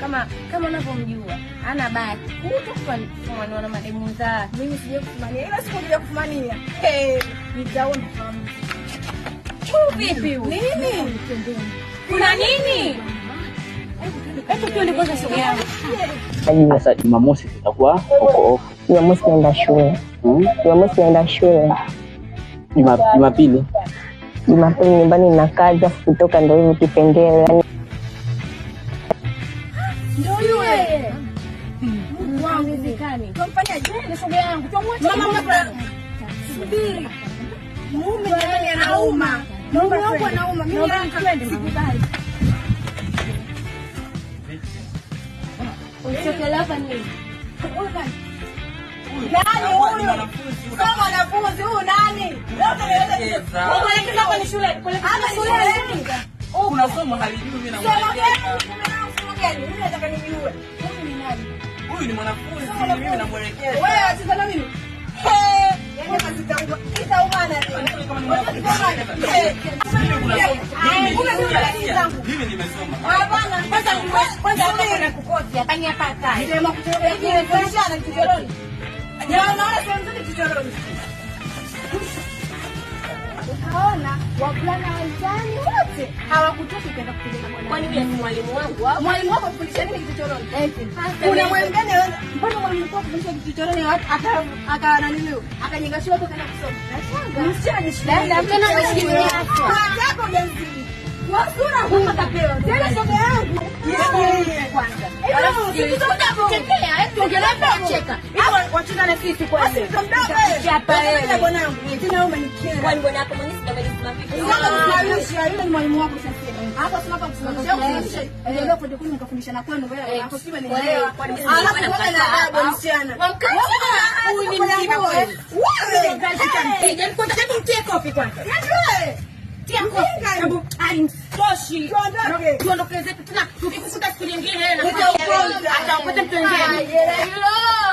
kama kama unavyomjua ana baki kutofumaniwa na mademu zake. Mimi sija kufumania, ila sikuja kufumania nitaona vipi nini, kuna nini Jumamosi tutakuwa huko. Jumamosi naenda shule. Jumamosi naenda shule, Jumapili Jumapili nyumbani na kazi, afu kutoka ndo hivyo kipengele nani huyu? Sio mwanafunzi huyu nani? Umwelekeza kwenye shule. Hata shule yetu. Kuna somo halijui mimi na mimi nataka nijue. Huyu ni nani? Huyu ni mwanafunzi mimi namwelekeza. Wewe acheza na mimi. Mimi nimesoma. Hapana, kwanza kwanza nakukoti hapa ni hapa. Nimekuja kuelekeza na kidogo. Naona sehemu kichochoroni. Utaona wavulana wa mtaani wote hawakutoki kwenda kupigana mwalimu wangu Mwalimu wako alifundisha nini kichochoroni? Kuna mwalimu gani Mbona mwalimu wako alifundisha kichochoroni watu aka aka nani kusoma. Nashangaa. Msichana ni shida. Tena msichana. Wasura huu atapewa. Tena shoga yangu. Yeye kwanza. Sikutaka kutetea, eh, tungeleta kucheka. Hapo wacheza na sisi kwanza. Chapa yeye. Bwanangu, tena wewe umenikera. Kwani bwana yako mwenyewe sitamaliza vipi? Sasa yule ni mwalimu wako sasa. Hapo sema kwa kusimamisha. Ndio kwa ndio nikafundisha na kwenu wewe. Eh. Hapo sima nielewa. Alafu kwa na baba ah. msichana. Huyu ni mzima kweli. Wewe. Ndio kwa sababu mtie kofi kwanza. Ndio. Tia kofi haimtoshi, tuondoke zetu tena, tukikukuta siku nyingine atapata mtu wengine.